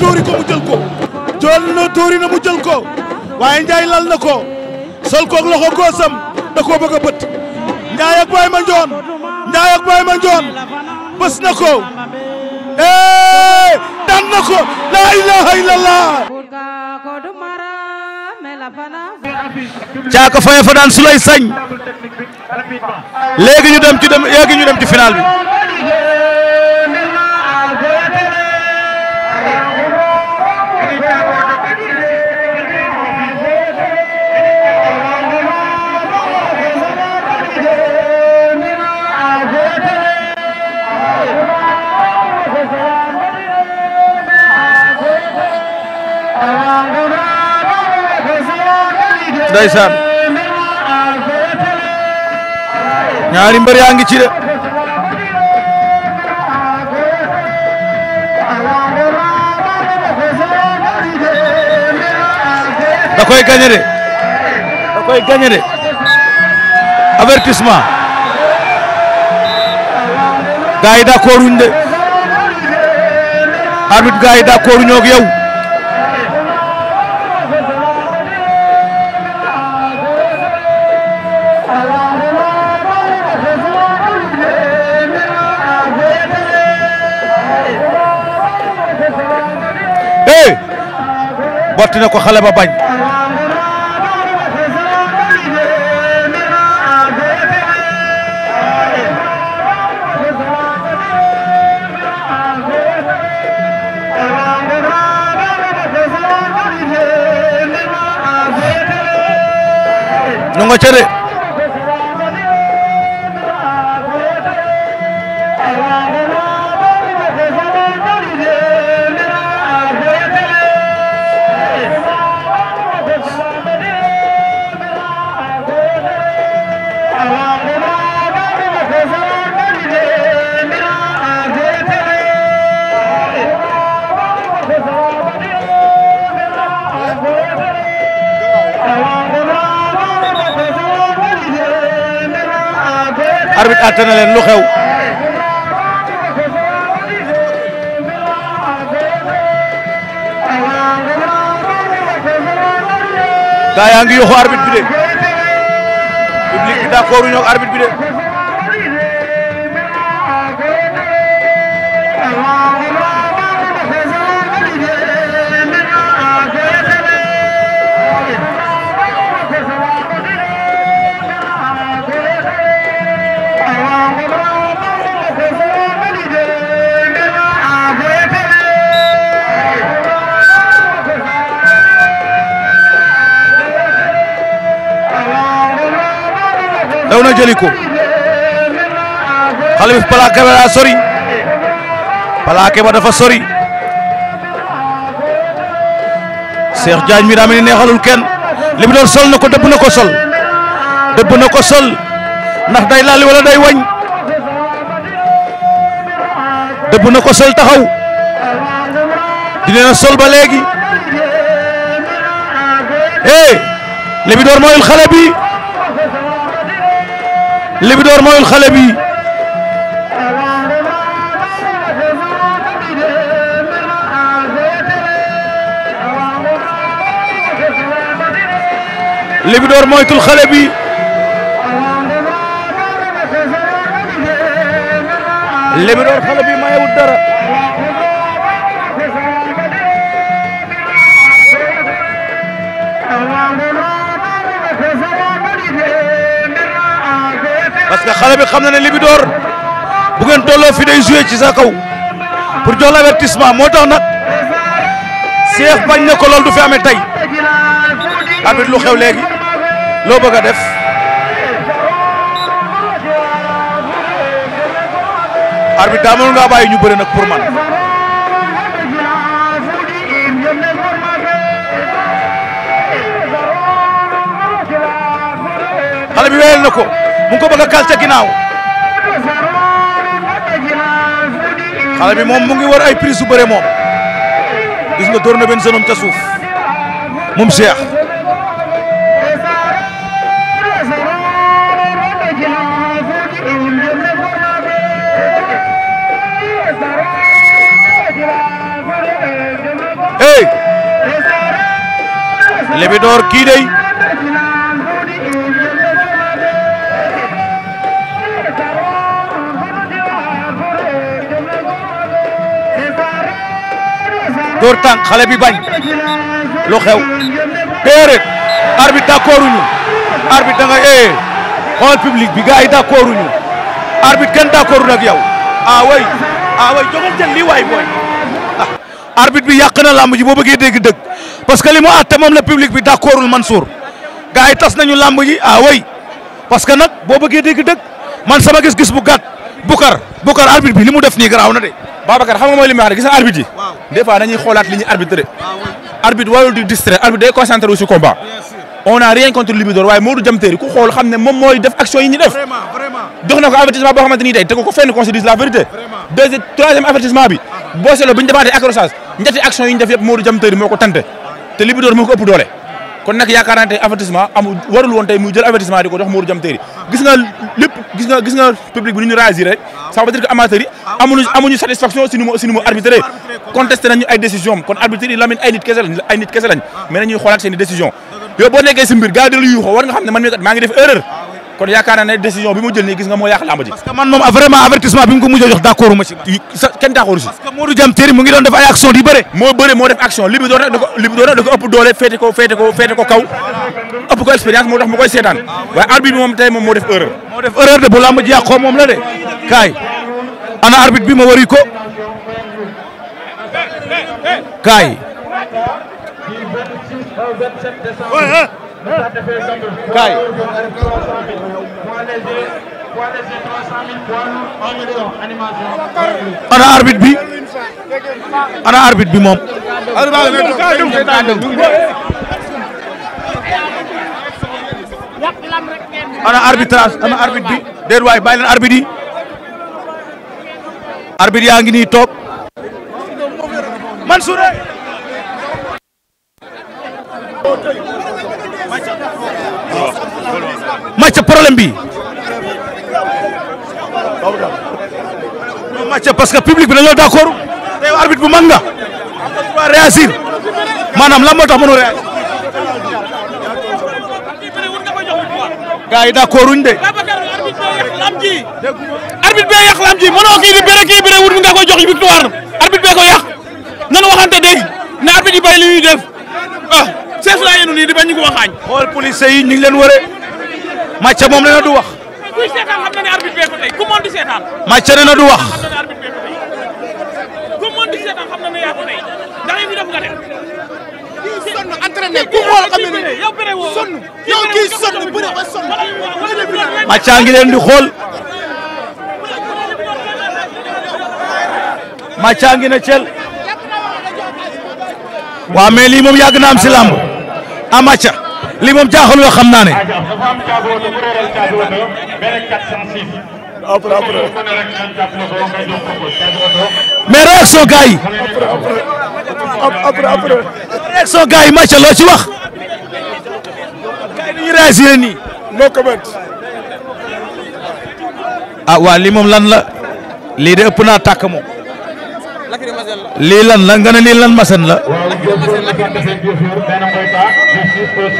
tuuri ko mu jël ko jël na tuuri na mu jël ko waaye Ndiaye lal na ko sol koog loxo góosam da koo bëgg a bët Ndiaye ak Baye Mandione Ndiaye bës na ko eh daan na ko la ilaha illallah caaka faye fa daan su sañ léegi ñu dem ci dem bi ndeysaan ñaari mbër yaa ngi ci de da koy gagné de da koy gagné de avertissement gars yi d'accord wuñ de arbitre gars yi d'accord wuñoo ak yow botti na ko xale ba bañ nu atte na leen lu xew gaa yaa ngi yuxu bi de public bi d'accord uñu ak arbitre bi de jëli ko xale bi plaqué ba ba dafa sori Cheikh Diagne mi daa mel ni neexalul kenn li sol na ko dëbb na ko sol dëbb na ko sol ndax day laal wala day wañ dëbb na ko sol taxaw dina sol ba léegi eh li mooyul xale bi. Libidor mooyul xale bi Libidor mooytul xale bi Libidor xale bi xam na ne Libidor bu ngeen tolloo fi day joué ci sa kaw pour jox la avertissement moo tax nag Cheikh bañ na ko lool du fi amee tey amit lu xew léegi loo bëgg a def arbitre daa mënoon ñu bëre nag xale bi wéyal na ko mu ngi ko bëgg a kàl ca war ay prise su bëre moom gis nga dóor na benn sënam ca suuf moom Cheikh. hey. kii dey. dóor tànk xale bi bañ lu xew déedéet arbitre d'accord uñu arbitre da nga ee eh, xool public bi gars yi d'accord uñu arbitre kenn d'accord uñu ak yow ah way ah way jogal jël lii waay booy ah. arbitre bi yàq na làmb ji boo bëggee dégg dëgg parce que li mu àtte moom la public bi d'accordul Mansour gars yi tas nañu làmb ji ah way parce que nag boo bëggee dégg dëgg man sama gis-gis bu gàt Bukar Bukar arbitre bi li mu def nii garaaw na de. Babacar xam nga mooy li may wax gis nga arbitre yi. waaw des fois dañuy xoolaat li ah, arbitre warul di distrait arbitre day concentré wu si combat. on a rien contre Libidor waaye Modou Diamteri ku xool xam ne moom mooy def action yi ñu def. vraiment na ko avertissement boo xamante ni tey tegu ko fenn qu'on la vérité. vraiment deuxième bi. Ah. boo seetloo bi ñu defaatee accrochage ñetti action yi ñu def yëpp kon nag yaakaar naa ne tey avertissement amul warul woon tey muy jël avertissement di ko jox Modou Diam Terry gis nga lépp gis nga gis nga public bi ni ñu réagir rek ça veut dire que amateurs yi si nu mu si nu mu arbitré ay décision kon arbitre yi lamin ay nit kese lañ ay nit kese lañ mais nañuy xoolaat seen i décision yow war nga xam ne man mii kat maa ngi def erreur kon yaakaar naa ne décision bi mu jël nii gis nga moo yàq lamb ji. parce que man moom vraiment avertissement bi mu ko mujjee jox d' ma ci. kenn d' si. parce que Modou Diam mu ngi doon def ay action bëre. moo bëre moo def action li mu doon rek ko li mu ëpp doole féete ko féete ko kaw ëpp ko expérience moo tax mu koy seetaan waaye arbitre bi moom tey moom moo moo def erreur de bu lamb ji yàqoo moom la de kaay ana arbitre bi ma wari ko kaay. ana arbitre bi ana arbitre bi moom. ana arbitrage ana arbitre bi déet waay bàyyi leen arbitre yi. arbitre yaa ngi nii toog. Mansour. Eh! Mathia problème bi non parce que public bi dañoo d' accord te yow arbitre bu mag nga am na tax mënoo réagir. gars yi d' accord de. arbitre bee yàq lam ji mënoo kii di bëre kii bëre wut nga koy jox victoire arbitre bee ko yàq nanu waxante dégg na arbitre yi bàyyi li def seesu laa yenu nii di bañ ñu waxaañ xool police yi ñu ngi leen Macha moom nee na du wax. kuy ne di na du wax. ne na ne yaa ko tey xool xam ne ni yow bëre woo sonn xool. Macha ngi na cel. waa mais moom yàgg na si làmb. ah Macha. lii moom jaaxal yoo xam naa ne. mais réaction gars yi. réaction gars yi loo ci wax. gars yi dañuy réagir nii. no ah, waa lii moom lan la. lii de ëpp naa tàkk moom. lii lan la nga ne lii lan masen la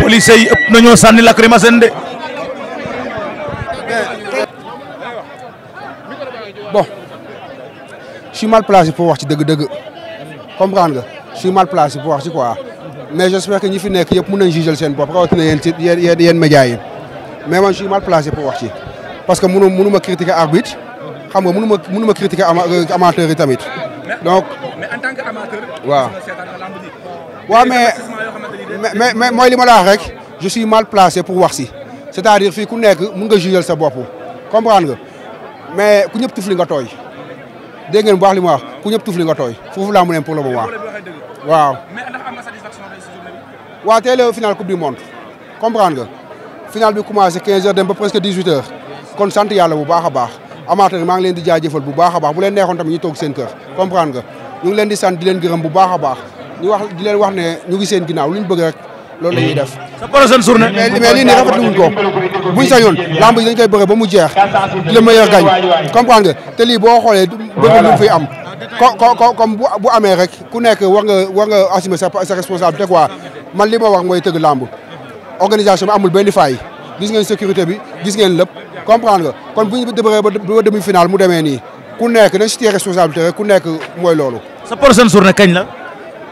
police yi ëpp nañoo sànni lacrymogène de bon je suis mal placé pour wax ci dëgg-dëgg comprendre nga je suis mal placé pour wax ci quoi mais j'espère que ñi fi nekk yëpp mu nañ jugel seen bopp rawatina yéen ci yéen yéen médias yi mais man je mal placé pour wax ci parce que mënu mënu ma critiquer arbitre xam nga mënu ma mënu ma critiquer amateur tamit donc mais en waaw waaw mais mais mooy li ma la rek je mal placé pour wax si c'est-à-dire fii ku nekk mun nga jugel sa bopp comprendre mais ku ñëpp tufli nga tooy dégg ngeen bu baax li ma wax ku ñëpp tufli nga tooy foofu laa mën a pour le moment waaw. waaw tey la final coupe du monde comprendre nga final bi commencé 15 heures ba presque 18 heures kon sant yàlla bu baax a baax. amateur maa ngi leen di jaajëfal bu baax bu leen neexoon tamit ñu toog seen kër comprendre nga ñu leen di sant di leen gërëm bu baax baax ñu wax di leen wax ne ñu ngi seen ginnaaw lu ñu bëgg rek loolu la ñuy def sa prochaine journée mais lii nii rafetlu wuñ ko buñ sañoon lamb yi dañ koy bëgg ba mu jeex di le meilleur gagne comprendre nga te lii boo xoolee bëgg lu fi am ko comme bu amee rek ku nekk war nga war nga assumer sa responsabilité quoi man li ma wax mooy tëgg lamb organisation bi amul benn faay gis ngeen sécurité bi gis ngeen lépp comprendre nga kon bu ñu débëree ba demi final mu demee nii ku nekk dañ si téye responsabilité rek ku nekk mooy loolu. sa prochaine journée kañ la.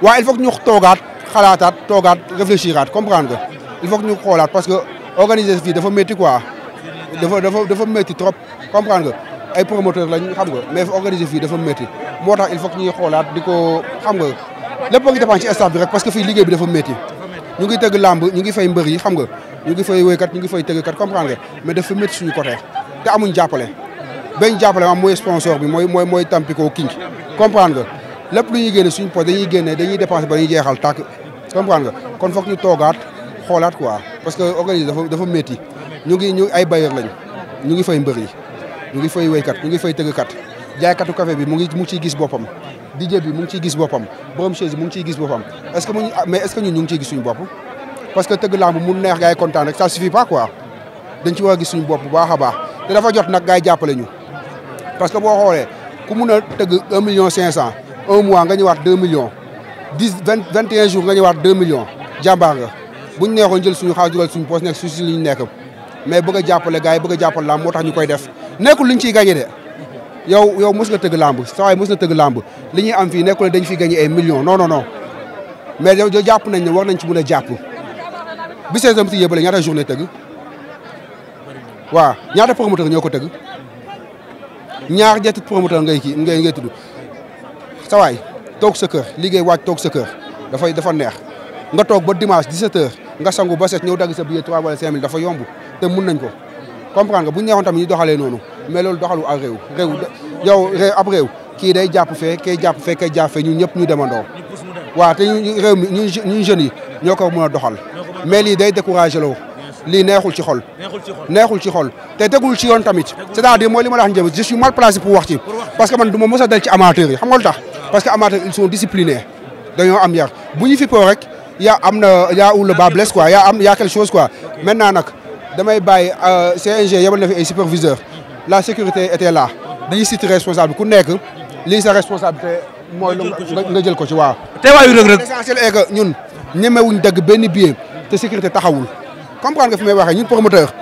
waaye il faut que ñu toogaat xalaataat toogaat réfléchiraat comprendre nga il faut que ñu xoolaat parce que organiser fii dafa métti quoi dafa dafa dafa métti trop comprendre nga ay promoteur lañ xam nga mais organiser fii dafa métti moo tax il faut que ñuy xoolaat di ko xam nga lépp a ngi dépend ci stade bi rek parce que fii liggéey bi dafa métti. ñu ngi tëgg làmb ñu ngi fay mbëri yi xam nga ñu ngi fay wéykat ñu ngi fay tëggkat comprendre nga mais dafa métti suñu côté te amuñ jàppale bañ jàppale maam mooy sponsor bi mooy mooy mooy Tampico King comprendre nga lépp lu ñuy génne suñu poche dañuy génne dañuy dépenser ba dañuy jeexal tàkk comprendre nga kon foog ñu toogaat xoolaat quoi parce que organiser dafa dafa métti ñu ngi ñu ay bailleur lañ ñu ngi fay mbëri yi ñu ngi fay wéykat ñu ngi fay tëggkat jaaykatu café bi mu ngi mu ciy gis boppam di bi mu ngi ciy gis boppam borom chaise mu ngi ciy gis boppam est-ce que mu ah, est-ce que ñun ñu ngi ciy gis suñu bopp parce que tëgg lamb mu neex gars yi kontaan rek ça suffit pas suñu bopp bu baax a baax te dafa jot nag gars yi jàppale ñu parce que boo xoolee ku mun a tëgg un million cinq cent un mois nga ñëwaat deux million dix vingt vingt et un jours nga ñëwaat deux millions jàmbaar nga buñ neexoon jël suñu xaalis dugal suñu poche nekk su si li ñu nekk mais bëgg a jàppale a jàppale lamb moo tax ñu koy def nekkul liñ ciy gagné de yow yow mos nga tëgg làmb saa waay mos na tëgg làmb li ñuy am fii nekkul dañ fi gagné ay millions non non non mais yow jàpp nañ ne war nañ ci mën a jàpp bi saison bi si yëbale ñaata journée tëgg waaw ñaata promoteur ñoo ko tëgg ñaar ñetti promoteur ngay kii ngay ngay tudd sawaay toog sa kër liggéey waaj toog sa kër dafay dafa neex nga toog ba dimanche 17h nga sangu ba set ñëw dagg sa billet 3 wala 5000 dafa yomb te mun nañ ko comprendre nga bu ñu neexoon tamit doxalee noonu. mais loolu doxalu ak réew réew yow réew ab réew kii day jàpp fee kay jàpp fee kay jàpp fee ñun ñëpp ñu demandoo waaw te ñu réew yi ñoo ko mën a doxal mais lii day découragé loo lii neexul ci xol neexul ci xool te tegul ci yoon tamit c'est-à-dire mooy li ma la wax njëm je suis mal placé pour wax parce que man du ma mos a del ci amateurs yi xam nga lu tax parce que amateurs ils sont disciplinés dañoo am yar bu ñu fippoo rek yaa am na yaa où le bas blesse quoi yaa quelque chose quoi maintenant nag damay bàyyi euh, CNG yebal na fi ay la sécurité était là dañuy cité responsable ku nekk lii sa responsabilité mooy lu nga jël ko ci waa teewaayu Reug Reug l'essentiel est que ñun ñemewuñ dagg benn billet te sécurité taxawul comprendre nga fi may waxee ñun promoteur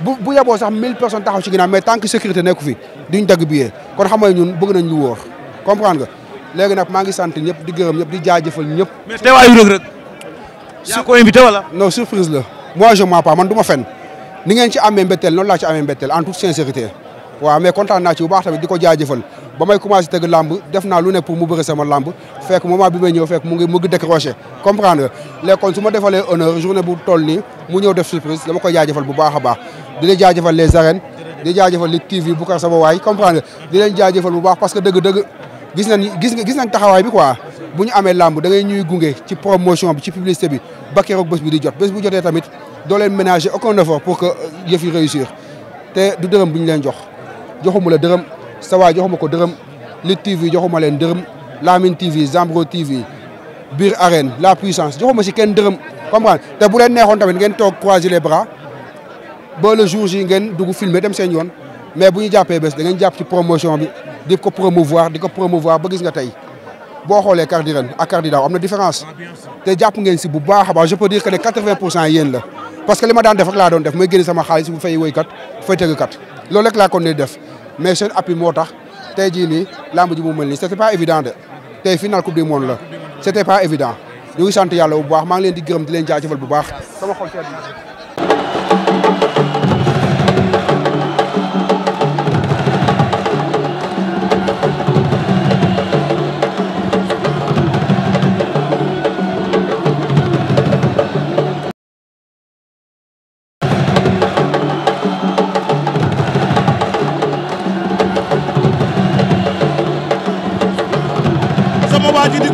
bu bu yeboo sax mille personnes taxaw ci ginnaaw mais tant que sécurité nekku fi duñ dagg billet kon xam nga ñun bëgg nañ lu wóor comprendre nga léegi nag maa ngi sant ñëpp di gërëm ñëpp di jaajëfal ñëpp. mais teewaayu Reug Reug. yaa ko invité wala. non surprise la moi je mens pas ni ngeen ci amee mbetteel noonu laa ci amee mbetteel en toute sincérité waaw mais kontaan naa ci bu baax tamit di ko jaajëfal ba may commencé tëgg làmb def naa lu nekk pour mu bëri sama làmb fekk moment bi may ñëw fekk mu ngi mu ngi décroché comprendre léegi kon su defalee honneur journée bu toll nii mu ñëw def surprise dama ko jaajëfal bu baax a baax di la jaajëfal les arènes di jaajëfal li TV bu kar sama waay comprendre di leen jaajëfal bu baax parce que dëgg-dëgg gis nañ gis gis nañ taxawaay bi quoi bu ñu amee làmb da ngay ñuy gunge ci promotion bi ci publicité bi ba keroog bi di jot bés bu jotee tamit doo leen ménager aucun effort pour que euh, yëf réussir te du dërëm bu ñu leen jox joxuma la dërëm sa waay joxuma ko dërëm Lutte TV joxuma leen dërëm Lamine TV Zambro TV biir arène la puissance joxuma si kenn dërëm comprendre te bu leen neexoon tamit ngeen toog croiser les bara ba le jour ji ngeen dugg filmer dem seen yoon mais bu jàppee bés da ngeen jàpp ci promotion bi di ko promouvoir di ko promouvoir ba gis nga tey boo xoolee carte ren ak carte daaw am na différence ah, te jàpp ngeen si bu baax a baax je peux dire que ne quatre-vingt pour cent yéen la parce que li ma daan def rek laa doon def mooy génne sama xaalis bu fay woykat fay tëggkat loolu rek laa kon def mais seen appui moo tax tey jii nii lamb ji mu mel nii c'était pas évident de tey final coupe du monde la c'était pas évident ñu ngi sant yàlla bu baax maa ngi leen di gërëm di leen jaajëfal bu baax sama xol sedd